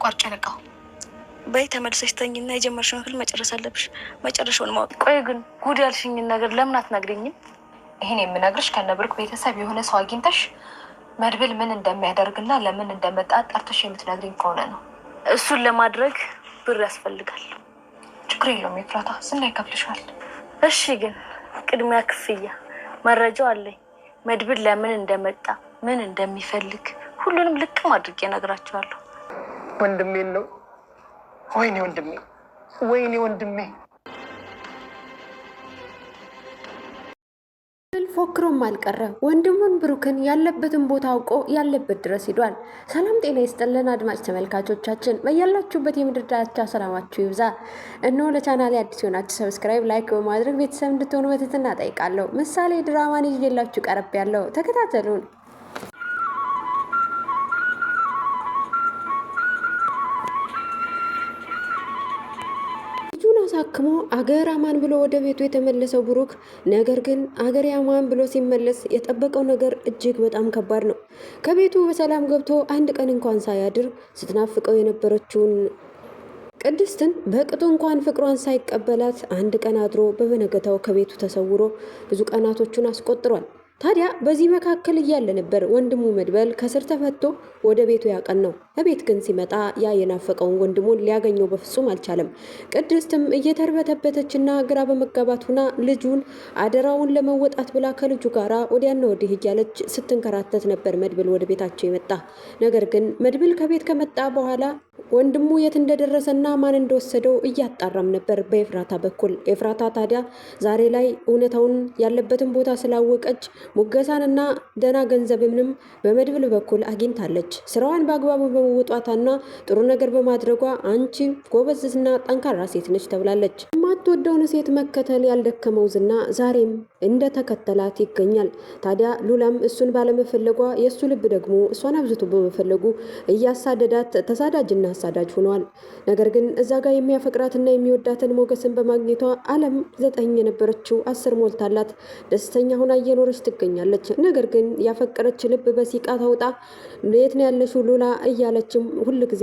አቋርጬ ነቃሁ። በይ ተመልሰሽ ተኝና የጀመርሽውን ክፍል መጨረስ አለብሽ። መጨረሻውን ማወቅ። ቆይ ግን ጉድ ያልሽኝን ነገር ለምን አትነግሪኝም? ይህን የምነግርሽ ከነብርክ ቤተሰብ የሆነ ሰው አግኝተሽ መድብል ምን እንደሚያደርግና ለምን እንደመጣ ጠርተሽ የምትነግሪኝ ከሆነ ነው። እሱን ለማድረግ ብር ያስፈልጋል። ችግር የለውም ኤፍራታ፣ ስና ይከፍልሻል። እሺ፣ ግን ቅድሚያ ክፍያ። መረጃው አለኝ። መድብል ለምን እንደመጣ ምን እንደሚፈልግ ሁሉንም ልቅም አድርጌ እነግራቸዋለሁ። ወንድሜን ነው። ወይኔ ወንድሜ፣ ወይኔ ወንድሜ። ፎክሮም አልቀረ! ወንድሙን ብሩክን ያለበትን ቦታ አውቆ ያለበት ድረስ ሂዷል። ሰላም ጤና ይስጥልን አድማጭ ተመልካቾቻችን በያላችሁበት የምድር ዳርቻ ሰላማችሁ ይብዛ። እነሆ ለቻናል አዲስ የሆናችሁ ሰብስክራይብ፣ ላይክ በማድረግ ቤተሰብ እንድትሆኑ በትህትና እጠይቃለሁ። ምሳሌ ድራማን ይዤላችሁ ቀረብ ያለው ተከታተሉን። ታክሞ አገር አማን ብሎ ወደ ቤቱ የተመለሰው ብሩክ ነገር ግን አገር አማን ብሎ ሲመለስ የጠበቀው ነገር እጅግ በጣም ከባድ ነው። ከቤቱ በሰላም ገብቶ አንድ ቀን እንኳን ሳያድር ስትናፍቀው የነበረችውን ቅድስትን በቅጡ እንኳን ፍቅሯን ሳይቀበላት አንድ ቀን አድሮ በበነገታው ከቤቱ ተሰውሮ ብዙ ቀናቶቹን አስቆጥሯል። ታዲያ በዚህ መካከል እያለ ነበር ወንድሙ መድበል ከስር ተፈቶ ወደ ቤቱ ነው። ከቤት ግን ሲመጣ ያ የናፈቀውን ወንድሙን ሊያገኘው በፍጹም አልቻለም። ቅድስትም እየተርበተበተችና ግራ በመጋባት ሁና ልጁን አደራውን ለመወጣት ብላ ከልጁ ጋር ወዲያና ወዲህ እያለች ስትንከራተት ነበር መድብል ወደ ቤታቸው የመጣ ነገር ግን መድብል ከቤት ከመጣ በኋላ ወንድሙ የት እንደደረሰና ማን እንደወሰደው እያጣራም ነበር በኤፍራታ በኩል። ኤፍራታ ታዲያ ዛሬ ላይ እውነታውን ያለበትን ቦታ ስላወቀች ሙገሳንና ደና ገንዘብንም በመድብል በኩል አግኝታለች። ስራዋን በአግባቡ በመወጧታና ጥሩ ነገር በማድረጓ አንቺ ጎበዝና ጠንካራ ሴት ነች ተብላለች። የማትወደውን ሴት መከተል ያልደከመው ዝና ዛሬም እንደ ተከተላት ይገኛል። ታዲያ ሉላም እሱን ባለመፈለጓ የእሱ ልብ ደግሞ እሷን አብዝቶ በመፈለጉ እያሳደዳት ተሳዳጅና አሳዳጅ ሆኗል። ነገር ግን እዛ ጋር የሚያፈቅራትና የሚወዳትን ሞገስን በማግኘቷ አለም ዘጠኝ የነበረችው አስር ሞልታላት ደስተኛ ሆና እየኖረች ትገኛለች። ነገር ግን ያፈቀረች ልብ በሲቃ ታውጣ የት ነው ያለሽው ሉላ እያለችም ሁል ጊዜ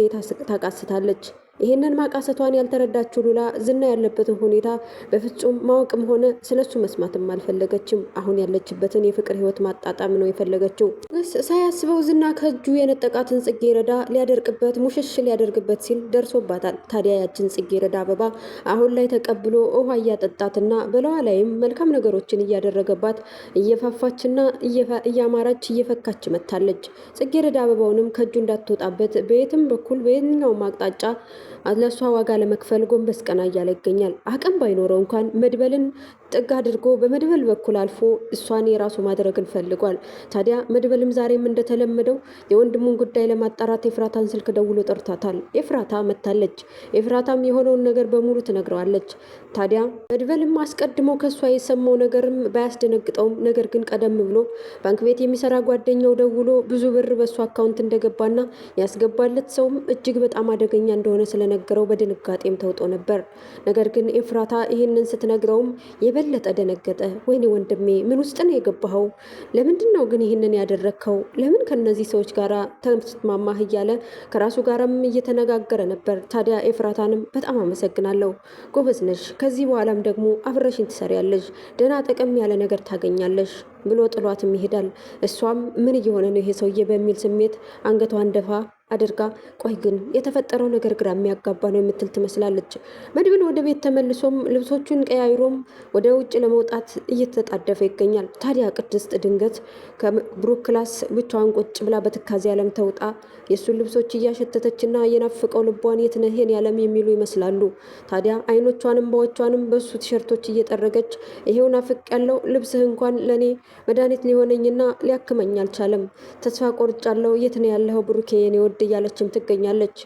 ታቃስታለች። ይህንን ማቃሰቷን ያልተረዳችው ሉላ ዝና ያለበትን ሁኔታ በፍጹም ማወቅም ሆነ ስለሱ መስማትም አልፈለገችም። አሁን ያለችበትን የፍቅር ህይወት ማጣጣም ነው የፈለገችው። ሳያስበው ዝና ከእጁ የነጠቃትን ጽጌረዳ ሊያደርቅበት ሙሽሽ ሊያደርግበት ሲል ደርሶባታል። ታዲያ ያችን ጽጌረዳ አበባ አሁን ላይ ተቀብሎ ውሃ እያጠጣትና በለዋ ላይም መልካም ነገሮችን እያደረገባት እየፋፋችና እያማራች እየፈካች መታለች። ጽጌረዳ አበባውንም ከእጁ እንዳትወጣበት በየትም በኩል በየትኛውም አቅጣጫ ለእሷ ዋጋ ለመክፈል ጎንበስ ቀና እያለ ይገኛል። አቅም ባይኖረው እንኳን መድበልን ጥግ አድርጎ በመድበል በኩል አልፎ እሷን የራሱ ማድረግን ፈልጓል። ታዲያ መድበልም ዛሬም እንደተለመደው የወንድሙን ጉዳይ ለማጣራት ኤፍራታን ስልክ ደውሎ ጠርታታል። ኤፍራታ መታለች። ኤፍራታም የሆነውን ነገር በሙሉ ትነግረዋለች። ታዲያ መድበልም አስቀድሞ ከእሷ የሰማው ነገርም ባያስደነግጠውም፣ ነገር ግን ቀደም ብሎ ባንክ ቤት የሚሰራ ጓደኛው ደውሎ ብዙ ብር በእሱ አካውንት እንደገባና ያስገባለት ሰውም እጅግ በጣም አደገኛ እንደሆነ ስለነገረው በድንጋጤም ተውጦ ነበር። ነገር ግን ኤፍራታ ይህንን ስትነግረውም የበለጠ ደነገጠ። ወይኔ ወንድሜ ምን ውስጥ ነው የገባኸው? ለምንድን ነው ግን ይህንን ያደረግከው? ለምን ከነዚህ ሰዎች ጋር ተስማማህ? እያለ ከራሱ ጋርም እየተነጋገረ ነበር። ታዲያ ኤፍራታንም በጣም አመሰግናለሁ፣ ጎበዝ ነሽ። ከዚህ በኋላም ደግሞ አብረሽን ትሰሪያለሽ፣ ደህና ጠቀም ያለ ነገር ታገኛለሽ ብሎ ጥሏትም ይሄዳል። እሷም ምን እየሆነ ነው ይሄ ሰውዬ በሚል ስሜት አንገቷን ደፋ አድርጋ ቆይ ግን የተፈጠረው ነገር ግራ የሚያጋባ ነው የምትል ትመስላለች። መድብል ወደ ቤት ተመልሶም ልብሶቹን ቀያይሮም ወደ ውጭ ለመውጣት እየተጣደፈ ይገኛል። ታዲያ ቅድስት ድንገት ከብሩክ ክላስ ብቻዋን ቁጭ ብላ በትካዜ ያለም ተውጣ የእሱን ልብሶች እያሸተተችና የናፍቀው ልቧን የትነህን ያለም የሚሉ ይመስላሉ። ታዲያ አይኖቿንም በዎቿንም በእሱ ቲሸርቶች እየጠረገች ይሄው ናፍቅ ያለው ልብስህ እንኳን ለእኔ መድኃኒት ሊሆነኝና ሊያክመኝ አልቻለም። ተስፋ ቆርጫለሁ። የት ነው ያለኸው ብሩኬ የኔ ወድ እያለችም ትገኛለች።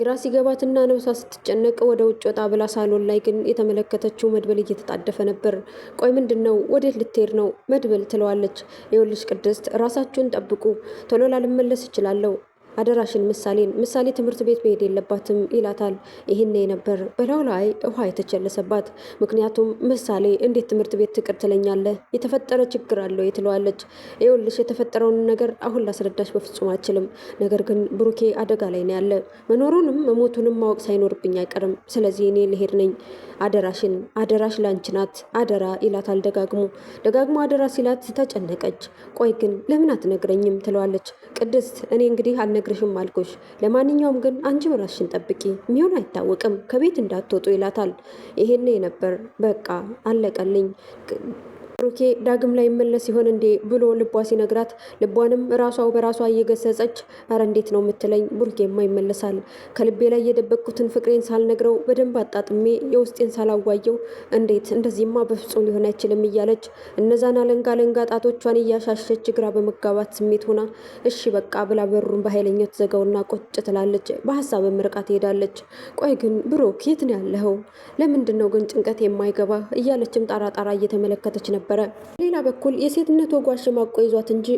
ግራ ሲገባትና ነብሷ ስትጨነቅ ወደ ውጭ ወጣ ብላ ሳሎን ላይ ግን የተመለከተችው መድብል እየተጣደፈ ነበር። ቆይ ምንድን ነው? ወዴት ልትሄድ ነው? መድብል ትለዋለች። የወልሽ ቅድስት ራሳችሁን ጠብቁ፣ ቶሎ ላልመለስ እችላለሁ አደራሽን ምሳሌን ምሳሌ ትምህርት ቤት መሄድ የለባትም ይላታል። ይህኔ ነበር በላው ላይ ውሃ የተቸለሰባት። ምክንያቱም ምሳሌ እንዴት ትምህርት ቤት ትቅር ትለኛለህ? የተፈጠረ ችግር አለው ትለዋለች። ይኸውልሽ የተፈጠረውን ነገር አሁን ላስረዳሽ በፍጹም አልችልም። ነገር ግን ብሩኬ አደጋ ላይ ነው ያለ። መኖሩንም መሞቱንም ማወቅ ሳይኖርብኝ አይቀርም። ስለዚህ እኔ ልሄድ ነኝ። አደራሽን አደራሽ ላንች ናት አደራ ይላታል ደጋግሞ ደጋግሞ አደራ ሲላት ተጨነቀች። ቆይ ግን ለምን አትነግረኝም? ትለዋለች። ቅድስት እኔ እንግዲህ አልነግ አልነግርሽም አልኩሽ። ለማንኛውም ግን አንቺ ራስሽን ጠብቂ፣ ሚሆን አይታወቅም፣ ከቤት እንዳትወጡ ይላታል። ይሄኔ ነበር በቃ አለቀልኝ ብሩኬ ዳግም ላይ መለስ ሲሆን እንዴ ብሎ ልቧ ሲነግራት ልቧንም ራሷ በራሷ እየገሰጸች አረ እንዴት ነው የምትለኝ? ብሩኬማ ይመለሳል። ከልቤ ላይ የደበቅኩትን ፍቅሬን ሳልነግረው በደንብ አጣጥሜ የውስጤን ሳላዋየው እንዴት እንደዚህማ በፍጹም ሊሆን አይችልም እያለች እነዛን አለንጋ አለንጋ ጣቶቿን እያሻሸች ግራ በመጋባት ስሜት ሆና እሺ በቃ ብላ በሩን በኃይለኛው ትዘጋውና ቆጭ ትላለች። በሀሳብ ምርቃት ትሄዳለች። ቆይ ግን ብሩክ የት ነው ያለኸው? ለምንድን ነው ግን ጭንቀት የማይገባ እያለችም ጣራ ጣራ እየተመለከተች ነበር ነበረ። በሌላ በኩል የሴትነት ወጓ ሸማቆ ይዟት እንጂ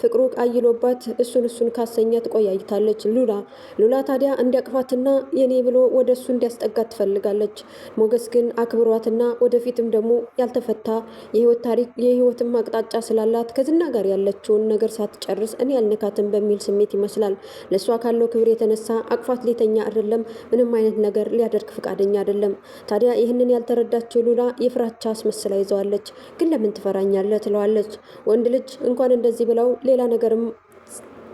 ፍቅሩ አይሎባት እሱን እሱን ካሰኛ ትቆያይታለች። ሉላ ሉላ ታዲያ እንዲያቅፋትና የኔ ብሎ ወደ እሱ እንዲያስጠጋት ትፈልጋለች። ሞገስ ግን አክብሯትና ወደፊትም ደግሞ ያልተፈታ የህይወት ታሪክ የህይወትን አቅጣጫ ስላላት ከዝና ጋር ያለችውን ነገር ሳትጨርስ እኔ ያልነካትን በሚል ስሜት ይመስላል ለእሷ ካለው ክብር የተነሳ አቅፋት ሊተኛ አይደለም፣ ምንም አይነት ነገር ሊያደርግ ፈቃደኛ አይደለም። ታዲያ ይህንን ያልተረዳችው ሉላ የፍራቻ አስመስላ ይዘዋለች። ግን ለምን ትፈራኛለህ? ትለዋለች። ወንድ ልጅ እንኳን እንደዚህ ብለው ሌላ ነገርም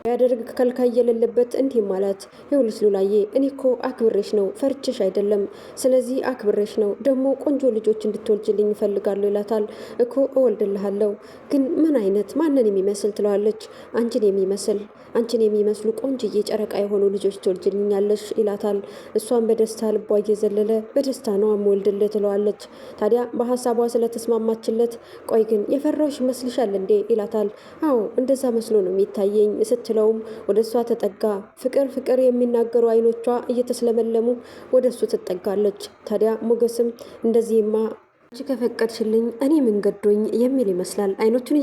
ያደርግ ከልካይ የሌለበት እንዲህ ማለት ይኸውልሽ፣ ሉላዬ እኔ እኮ አክብሬሽ ነው ፈርችሽ አይደለም። ስለዚህ አክብሬሽ ነው ደግሞ ቆንጆ ልጆች እንድትወልጅልኝ ይፈልጋሉ ይላታል። እኮ እወልድልሃለሁ ግን ምን አይነት ማንን የሚመስል ትለዋለች። አንቺን የሚመስል አንቺን የሚመስሉ ቆንጅዬ ጨረቃ የሆኑ ልጆች ትወልጅልኛለሽ ይላታል። እሷን በደስታ ልቧ እየዘለለ በደስታ ነው አምወልድል ትለዋለች። ታዲያ በሀሳቧ ስለተስማማችለት ቆይ ግን የፈራሁሽ ይመስልሻል እንዴ ይላታል። አዎ እንደዛ መስሎ ነው የሚታየኝ ስትል ሳይችለውም ወደ እሷ ተጠጋ። ፍቅር ፍቅር የሚናገሩ አይኖቿ እየተስለመለሙ ወደ እሱ ትጠጋለች። ታዲያ ሞገስም እንደዚህማ አንቺ ከፈቀድሽልኝ እኔ ገዶኝ የሚል ይመስላል። አይኖቹን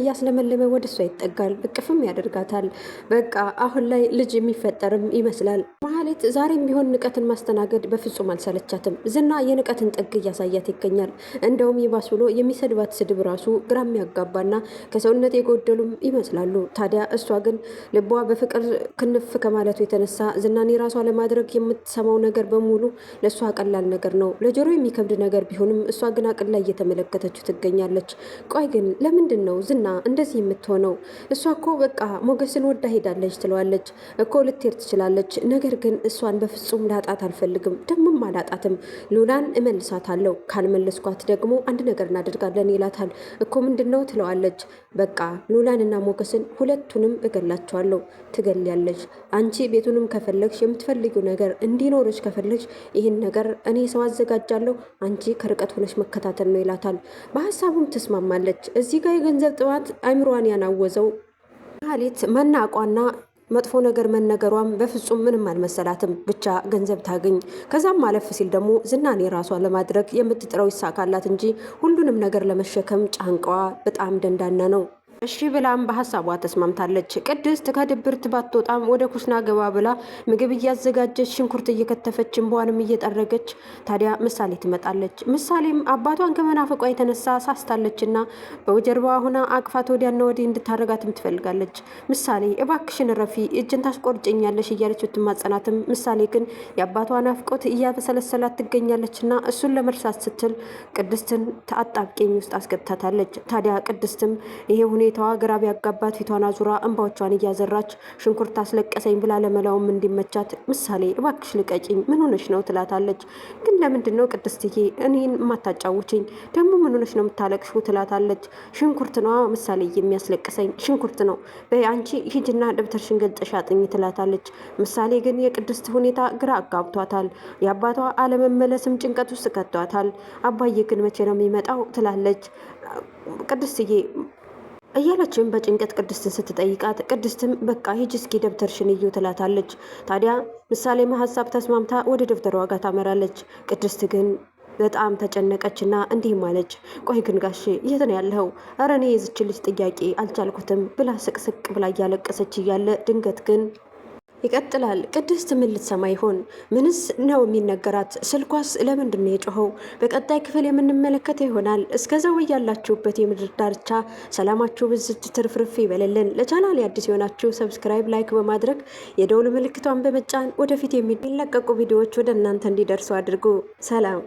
እያስለመለመ ወደ እሷ ይጠጋል፣ እቅፍም ያደርጋታል። በቃ አሁን ላይ ልጅ የሚፈጠርም ይመስላል። ማህሌት ዛሬም ቢሆን ንቀትን ማስተናገድ በፍጹም አልሰለቻትም። ዝና የንቀትን ጥግ እያሳያት ይገኛል። እንደውም ይባስ ብሎ የሚሰድባት ስድብ ራሱ ግራ የሚያጋባና ከሰውነት የጎደሉም ይመስላሉ። ታዲያ እሷ ግን ልቧ በፍቅር ክንፍ ከማለቱ የተነሳ ዝናን የራሷ ለማድረግ የምትሰማው ነገር በሙሉ ለእሷ ቀላል ነገር ነው። ለጆሮ የሚከብድ ነገር ቢሆንም እሷ ግን አቅላ እየተመለከተችው ትገኛለች። ቆይ ግን ለምንድን ነው ዝና እንደዚህ የምትሆነው? እሷ እኮ በቃ ሞገስን ወዳ ሄዳለች ትለዋለች። እኮ ልትሄድ ትችላለች፣ ነገር ግን እሷን በፍጹም ላጣት አልፈልግም፣ ደግሞም አላጣትም። ሉላን እመልሳታለሁ፣ ካልመለስኳት ደግሞ አንድ ነገር እናደርጋለን ይላታል። እኮ ምንድን ነው ትለዋለች። በቃ ሉላንና ሞገስን ሁለቱንም እገላቸዋለሁ። ትገልያለች። አንቺ ቤቱንም ከፈለግሽ የምትፈልጊው ነገር እንዲኖርሽ ከፈለግሽ ይህን ነገር እኔ ሰው አዘጋጃለሁ። አንቺ ከርቀት ሆነሽ መከታተል ነው ይላታል። በሀሳቡም ትስማማለች። እዚህ ጋር የገንዘብ ጥማት አይምሯን ያናወዘው ሀሊት መናቋና መጥፎ ነገር መነገሯም በፍጹም ምንም አልመሰላትም። ብቻ ገንዘብ ታገኝ፣ ከዛም ማለፍ ሲል ደግሞ ዝናኔ የራሷ ለማድረግ የምትጥረው ይሳካላት እንጂ ሁሉንም ነገር ለመሸከም ጫንቃዋ በጣም ደንዳና ነው። እሺ ብላም በሀሳቧ ተስማምታለች። ቅድስት ከድብርት ባትወጣም ወደ ኩሽና ገባ ብላ ምግብ እያዘጋጀች ሽንኩርት እየከተፈች እንባዋንም እየጠረገች ታዲያ ምሳሌ ትመጣለች። ምሳሌም አባቷን ከመናፈቋ የተነሳ ሳስታለችና በጀርባዋ ሁና አቅፋት ወዲያና ወዲህ እንድታረጋትም ትፈልጋለች። ምሳሌ እባክሽን ረፊ እጅን ታስቆርጭኛለሽ እያለች ብትማጸናትም ምሳሌ ግን የአባቷ ናፍቆት እያበሰለሰላት ትገኛለች እና እሱን ለመርሳት ስትል ቅድስትን አጣብቂኝ ውስጥ አስገብታታለች። ታዲያ ቅድስትም ይሄ ሁኔ ሁኔታዋ ግራ ቢያጋባት ፊቷን አዙራ እንባዎቿን እያዘራች ሽንኩርት አስለቀሰኝ ብላ ለመላውም እንዲመቻት ምሳሌ እባክሽ ልቀጭኝ፣ ምን ሆነሽ ነው ትላታለች። ግን ለምንድን ነው ቅድስትዬ እኔን የማታጫውችኝ? ደግሞ ምን ሆነሽ ነው የምታለቅሹ? ትላታለች። ሽንኩርት ነዋ ምሳሌ የሚያስለቅሰኝ ሽንኩርት ነው። በይ አንቺ ሂጅና ደብተርሽን ገልጠሽ አጥኚ ትላታለች። ምሳሌ ግን የቅድስት ሁኔታ ግራ አጋብቷታል። የአባቷ አለመመለስም ጭንቀት ውስጥ ከቷታል። አባዬ ግን መቼ ነው የሚመጣው? ትላለች ቅድስትዬ እያለችም በጭንቀት ቅድስትን ስትጠይቃት ቅድስትም በቃ ሂጂ እስኪ ደብተርሽን እዩ ትላታለች። ታዲያ ምሳሌም ሀሳብ ተስማምታ ወደ ደብተሯ ጋር ታመራለች። ቅድስት ግን በጣም ተጨነቀችና እንዲህም አለች፣ ቆይ ግን ጋሼ የት ነው ያለኸው? ኧረ እኔ የዝች ልጅ ጥያቄ አልቻልኩትም ብላ ስቅስቅ ብላ እያለቀሰች እያለ ድንገት ግን ይቀጥላል። ቅድስት ምን ልትሰማ ይሆን? ምንስ ነው የሚነገራት? ስልኳስ ለምንድን ነው የጮኸው? በቀጣይ ክፍል የምንመለከተው ይሆናል። እስከዛው ያላችሁበት የምድር ዳርቻ ሰላማችሁ ብዝት ትርፍርፍ ይበልልን። ለቻናል አዲስ የሆናችሁ ሰብስክራይብ፣ ላይክ በማድረግ የደውል ምልክቷን በመጫን ወደፊት የሚለቀቁ ቪዲዮዎች ወደ እናንተ እንዲደርሱ አድርጉ። ሰላም